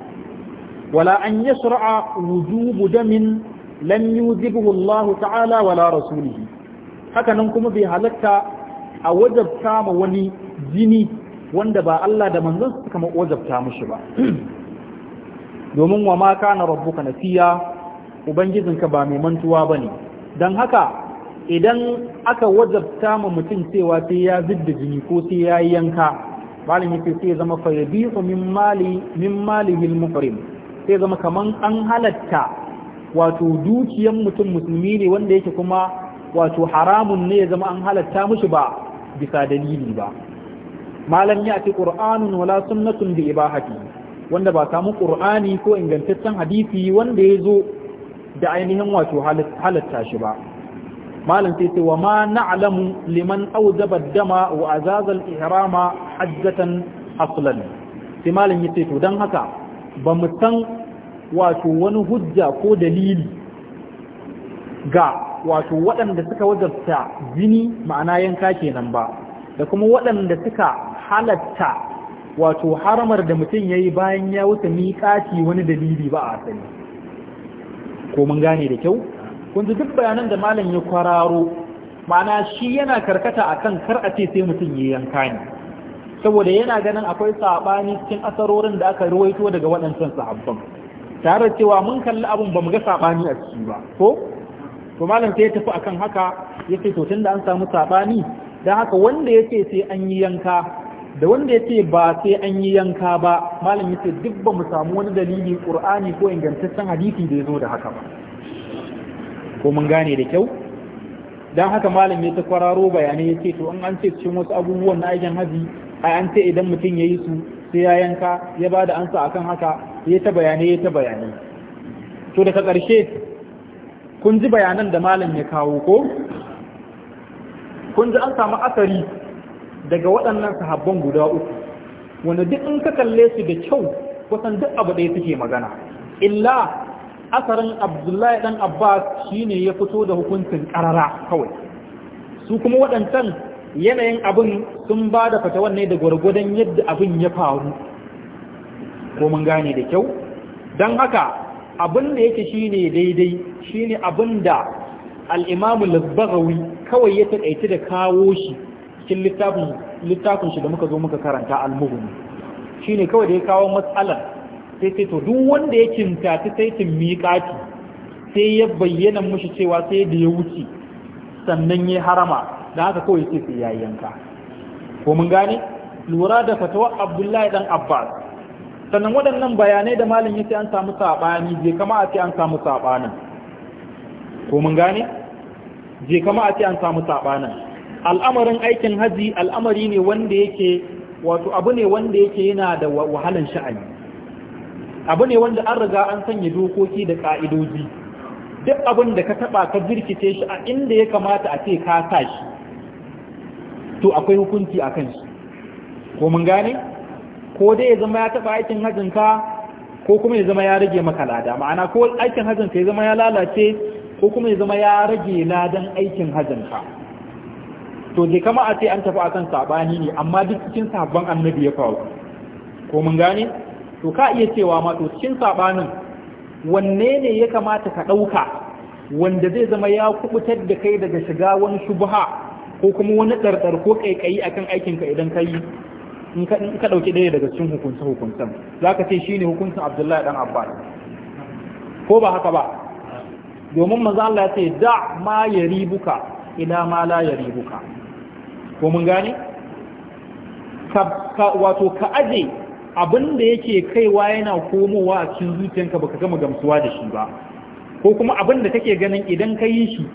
ولا أن يشرع وجوب دم لم يوجبه الله تعالى ولا رسوله haka nan kuma bai halatta a wajabta ma wani jini wanda ba Allah da manzon suka wajabta mushi ba domin wa ma kana rabbuka nasiya ubangijinka ba mai mantuwa bane dan haka idan aka wajabta ma mutum cewa sai ya zidda jini ko sai ya yanka malami yake sai zama fa yabihu min mali min malihi al-muhrim sai zama kaman an halatta wato dukiyan mutum musulmi ne wanda yake kuma wato haramun ne ya zama an halatta mushi ba bisa dalili ba malam ya ce qur'anun wala sunnatun bi ibahati wanda ba samu qur'ani ko ingantaccen hadisi wanda ya zo da ainihin wato halatta shi ba malam sai ce wa ma na'lamu liman awjaba dama wa azaza al-ihrama hajjatan aslan sai malam yace to dan haka ba mu san wato wani hujja ko dalili ga wato waɗanda suka wajabta jini ma'ana yanka kenan ba da kuma waɗanda suka halatta wato haramar da mutum ya yi bayan ya wuta miƙaci wani dalili ba a asali ko mun gane da kyau kun duk bayanan da malam ya kwararo ma'ana shi yana karkata akan kar a ce sai mutum ya yanka ne saboda yana ganin akwai saɓani cikin asarorin da aka ruwaito daga waɗancan sahabban tare cewa mun kalli abin ba mu ga saɓani a ciki ba ko to malam sai ya tafi akan haka yace to tunda an samu sabani dan haka wanda yace sai an yi yanka da wanda yace ba sai an yi yanka ba malam yace duk ba mu samu wani dalili qur'ani ko ingantaccen hadisi da yazo da haka ba ko mun gane da kyau dan haka malam ya ta kwararo bayanai yace to in an ce cikin wasu abubuwan na aikin haji ai an ce idan mutum yayi su sai ya yanka ya bada ansa akan haka ya ta bayanai ya ta bayanai to daga ƙarshe kun ji bayanan da malam ya kawo ko kun ji an samu asari daga waɗannan sahabban guda uku wanda duk in ka kalle su da kyau kusan duk abu ɗaya suke magana illa asarin abdullahi ɗan abbas shine ya fito da hukuncin ƙarara kawai su kuma waɗancan yanayin abin sun ba da fatawan ne da gwargwadon yadda abin ya faru ko mun gane da kyau don haka abin da yake shine daidai shine abin da al’imamu imam kawai ya taƙaita da kawo shi cikin littafin shi da muka zo muka karanta al Shi shine kawai da ya kawo matsalar sai sai to duk wanda ya cinta ta miƙa miƙati sai ya bayyana mushi cewa sai da ya wuce sannan ya harama da haka kawai sai sai yayyanka yanka ko mun gane lura da fatawa Abdullahi dan Abbas sannan waɗannan bayanai da malam yace an samu saɓani je kama a ce an samu sabanin ko mun gane je kama a ce an samu sabanin al'amarin aikin haji al'amari ne wanda yake wato abu ne wanda yake yana da wahalan sha'ani abu ne wanda an riga an sanya dokoki da ka'idoji duk abin da ka taba ka jirkice shi a inda ya kamata a ce ka sa shi to akwai hukunci akan shi ko mun gane ko dai ya zama ya taba aikin hajjin ka ko kuma ya zama ya rage maka lada ma'ana ko aikin hajjin ka ya zama ya lalace ko kuma ya zama ya rage ladan aikin hajjin ka to dai kama a ce an tafi akan sabani ne amma duk cikin sabon annabi ya faru ko mun gane to ka iya cewa ma to cikin sabanin wanne ne ya kamata ka ɗauka wanda zai zama ya kubutar da kai daga shiga wani shubha ko kuma wani ɗarɗar ko kaikayi akan aikinka idan ka yi in ka ɗauki ɗaya daga cikin hukunce hukuncen za ka ce shi ne hukuncin abdullahi ɗan abbas ko ba haka ba domin maza Allah ya ce da ma ya ribuka ila ma la ya ribuka ko mun gane wato ka aje abin da yake kaiwa yana komowa a cikin zuciyanka baka gama gamsuwa da shi ba ko kuma abin da kake ganin idan ka yi shi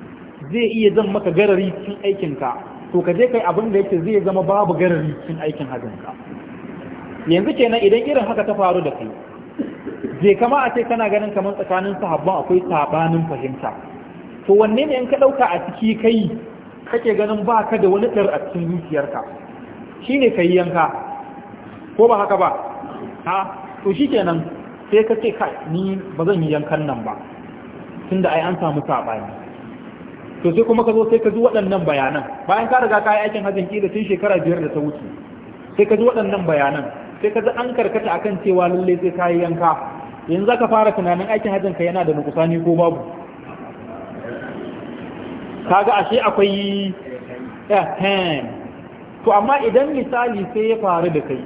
zai iya zan maka garari cikin aikinka to ka je kai abin da yake zai zama babu garari cikin aikin ka? yanzu kenan idan irin haka ta faru da kai je kama a ce kana ganin kamar tsakanin sahabban akwai sabanin fahimta to wanne ne in ka dauka a ciki kai kake ganin ba ka da wani dar a cikin zuciyarka shine kai yanka ko ba haka ba ha to shi kenan sai ka ce kai ni ba zan yi yankan nan ba tunda ai an samu sabani to sai kuma ka zo sai ka ji waɗannan bayanan bayan ka riga kayan aikin hajjin kila tun shekara biyar da ta wuce sai ka ji waɗannan bayanan sai ka ji an karkata akan cewa lalle sai ka yi yanka yanzu ka fara tunanin aikin hajjin ka yana da nukusani ko babu kaga ashe akwai ehem to amma idan misali sai ya faru da kai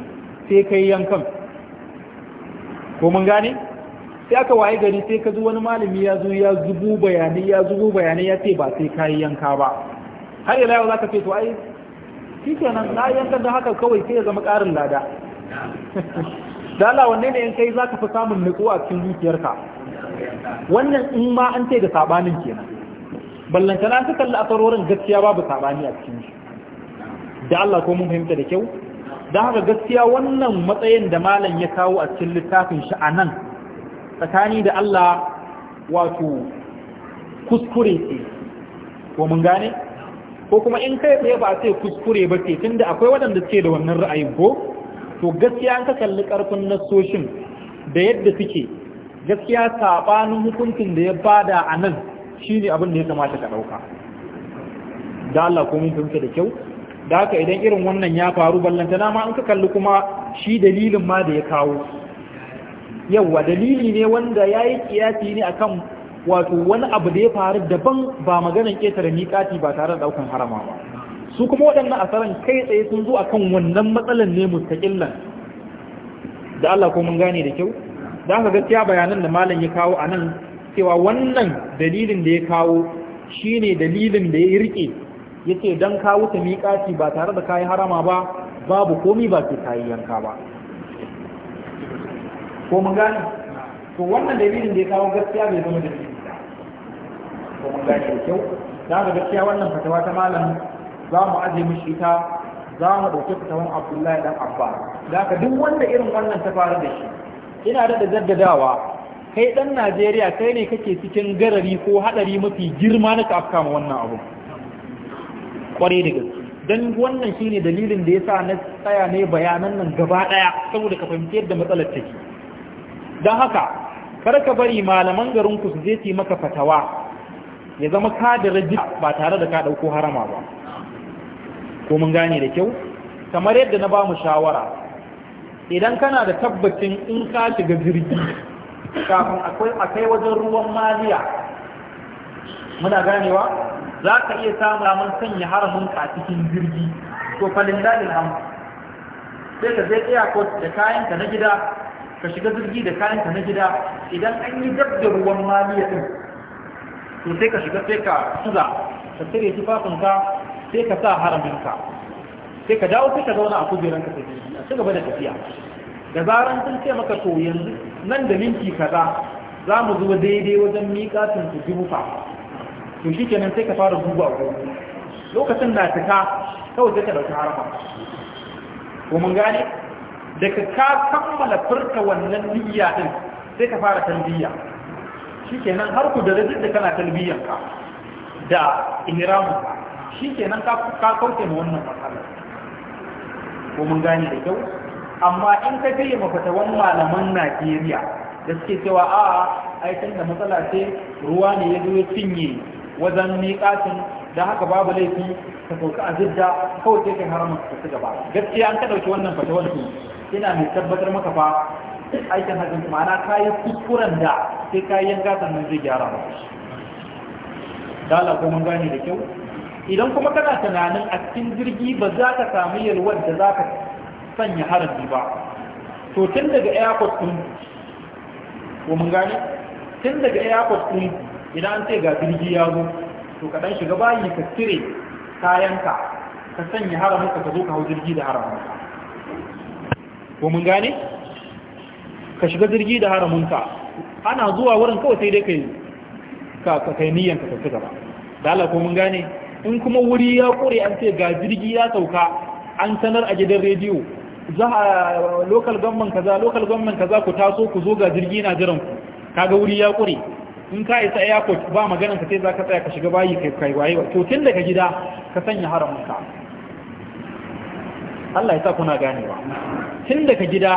sai kai yankan ko mun gane sai aka waye gari sai ka zo wani malami ya zo ya zubu bayanai ya zubu bayanai ya ce ba sai yi yanka ba har yau za ka ce to ai shi kenan na yanka da haka kawai sai ya zama ƙarin lada dala wanne ne in kai za ka fi samun nutsuwa a cikin zuciyarka wannan in ma an ce da sabanin kenan ballantana an ta kalli asarorin gaskiya babu sabani a cikin shi da Allah ko mun fahimta da kyau don haka gaskiya wannan matsayin da malam ya kawo a cikin littafin shi a nan tsakani da Allah wato kuskure ce ko mun gane ko kuma in kai tsaye ba sai kuskure ba ce tunda akwai waɗanda suke da wannan ra'ayin ko to gaskiya an ka kalli ƙarfin nasoshin da yadda suke gaskiya saɓanin hukuncin da ya bada a nan shine abin da ya kamata ka ɗauka da Allah ko mun fahimta da kyau da haka idan irin wannan ya faru ballantana ma in ka kalli kuma shi dalilin ma da ya kawo yawa dalili ne wanda ya yi kiyasi ne akan wato wani abu da ya faru daban ba maganan ƙetare miƙati ba tare da ɗaukan harama ba su kuma waɗannan asarar kai tsaye sun zo a kan wannan matsalar ne mustaƙillan da Allah ko mun gane da kyau da haka gaskiya bayanan da malam ya kawo a nan cewa wannan dalilin da ya kawo shi ne dalilin da ya yi rike ce dan kawo ta miƙati ba tare da kayi harama ba babu komi ba ke kayi yanka ba ko mun gane to wannan dalilin da ya kawo gaskiya bai zama da ko mun gane da kyau za ga gaskiya wannan fatawa ta malam za mu aje mishi ita za mu ɗauki fatawan abdullahi dan abba da ka duk wanda irin wannan ta faru da shi ina da zaddadawa kai dan najeriya kai ne kake cikin garari ko hadari mafi girma na kafka ma wannan abu kwarai da gaske dan wannan shine dalilin da yasa na tsaya ne bayanan nan gaba daya saboda ka fahimci yadda matsalar take don haka karka bari malaman garinku su je su maka fatawa ya zama ka da ba tare da ka ɗauko harama ba ko mun gane da kyau kamar yadda na ba mu shawara idan kana da tabbacin in ka shiga jirgi kafin akwai wajen ruwan maliya muna ganewa za ka iya samun ramin sanya haramun a cikin jirgi to falin dalil hamdu sai ka zai airport da kayanka na gida ka shiga jirgi da kayan ka na gida idan an yi dab da ruwan maliya din to sai ka shiga sai ka suga ka cire tufafin ka sai ka sa haramin ka sai ka dawo sai ka zauna a kujeran ka a ci gaba da tafiya da zaran sun ce maka to yanzu nan da minti kaza za mu zuwa daidai wajen miƙatin su jufa to shi kenan sai ka fara duba a gobe lokacin na cika kawai sai ka ɗauki harama ko mun gane daga ka kammala furta wannan niyya din sai ka fara talbiya shikenan har ku da rajin da kana talbiyan ka da ihramu shikenan ka ka kauce mu wannan matsalar ko mun gane da kyau amma in ka kai mafatawan malaman Najeriya da suke cewa a ai da matsala ce ruwa ne ya zo ya cinye wajen miƙatin da haka babu laifi ka sauka a zidda kawai sai kai haramun su gaba gaskiya an ka dauki wannan fatawar su ina mai tabbatar maka fa aikin hajjin ma'ana kayan kuskuren da sai kayan yanka sannan zai gyara ba. Da dala kuma mun gane da kyau idan kuma kana tunanin a cikin jirgi ba za ka samu yalwar da za ka sanya harabi ba to tun daga airport ɗin ko mun gane tun daga airport ɗin idan an ce ga jirgi ya zo to ka dan shiga bayi ka cire kayanka ka sanya haramun ka zo ka hau jirgi da haramun. ka ko mun gane ka shiga jirgi da haramunka ana zuwa wurin kawai sai dai kai ka ka kai niyyan ka tafi gaba da Allah ko mun gane in kuma wuri ya kore an ce ga jirgi ya sauka an sanar a gidan rediyo za a local government kaza local government kaza ku taso ku zo ga jirgi na jiran ku kaga wuri ya kure in ka isa airport ba maganar ka sai zaka tsaya ka shiga bayi kai kai waye to tun daga gida ka sanya haramunka Allah ya sa kuna ganewa tun daga gida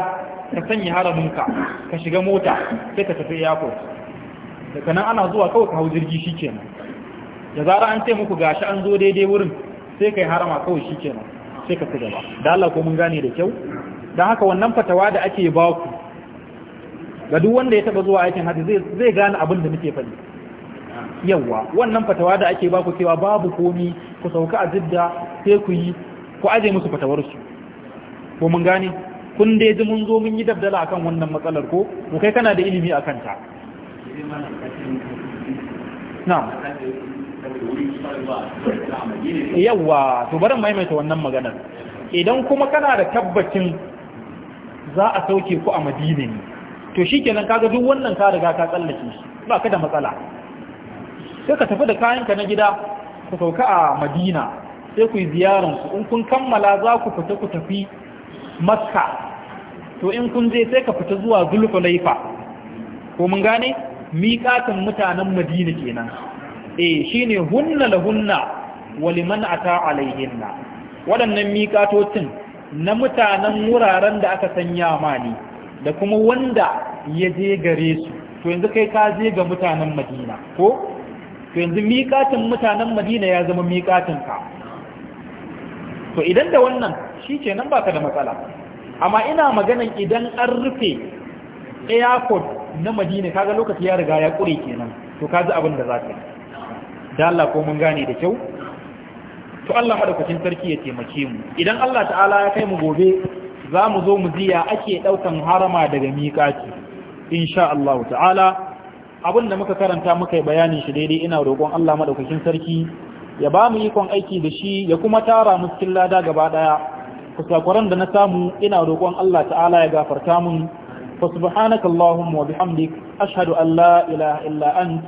ka sanya haramunka ka shiga mota sai ka tafi airport daga nan ana zuwa kawai ka hau jirgi shi kenan. da zara an ce muku gashi an zo daidai wurin sai ka yi harama kawai shi kenan. sai ka fi gaba da Allah ko mun gane da kyau Don haka wannan fatawa da ake ba ku ga duk wanda ya taba zuwa aikin haji zai zai gane abin da muke faɗi yawa wannan fatawa da ake ba ku cewa babu komi ku sauka a jidda sai ku yi ku aje musu fatawar su ko mun gane kun da ji mun zo mun yi dabdala akan wannan matsalar ko mu kai kana da ilimi akan ta na'am yawa to bari maimaita wannan maganar idan kuma kana da tabbacin za a sauke ku a madina ne to shikenan kaga duk wannan ka riga ka tsallake shi ba ka da matsala sai ka tafi da kayanka na gida ku sauka a madina sai ku yi ziyaransu in kun kammala za ku fita ku tafi makka to in kun je sai ka fita zuwa zulhulaifa ko mun gane miƙatan mutanen madina kenan eh shine hunna hunna wa liman ata alaihinna waɗannan miƙatocin na mutanen wuraren da aka sanya ma da kuma wanda ya je gare su to yanzu kai ka je ga mutanen madina ko to yanzu miƙatan mutanen madina ya zama miƙatin ka to idan da wannan shi kenan baka da matsala amma ina maganan idan an rufe airport na madina kaga lokaci ya riga ya kure kenan to kaji abin da za ka yi da Allah ko mun gane da kyau to Allah madaukakin sarki ya taimake mu idan Allah ta'ala ya kai mu gobe za mu zo mu ziya ake ɗaukan harama daga miƙati insha Allah ta'ala abin da muka karanta muka yi bayanin shi daidai ina roƙon Allah madaukakin sarki ya ba mu ikon aiki da shi ya kuma tara muskin lada gaba ɗaya. kusakuran da na samu ina roƙon Allah ta'ala ya gafarta mun fa subhanaka allahumma wa bihamdik ashhadu an la ilaha illa ant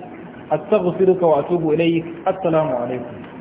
astaghfiruka wa atubu ilayk assalamu alaikum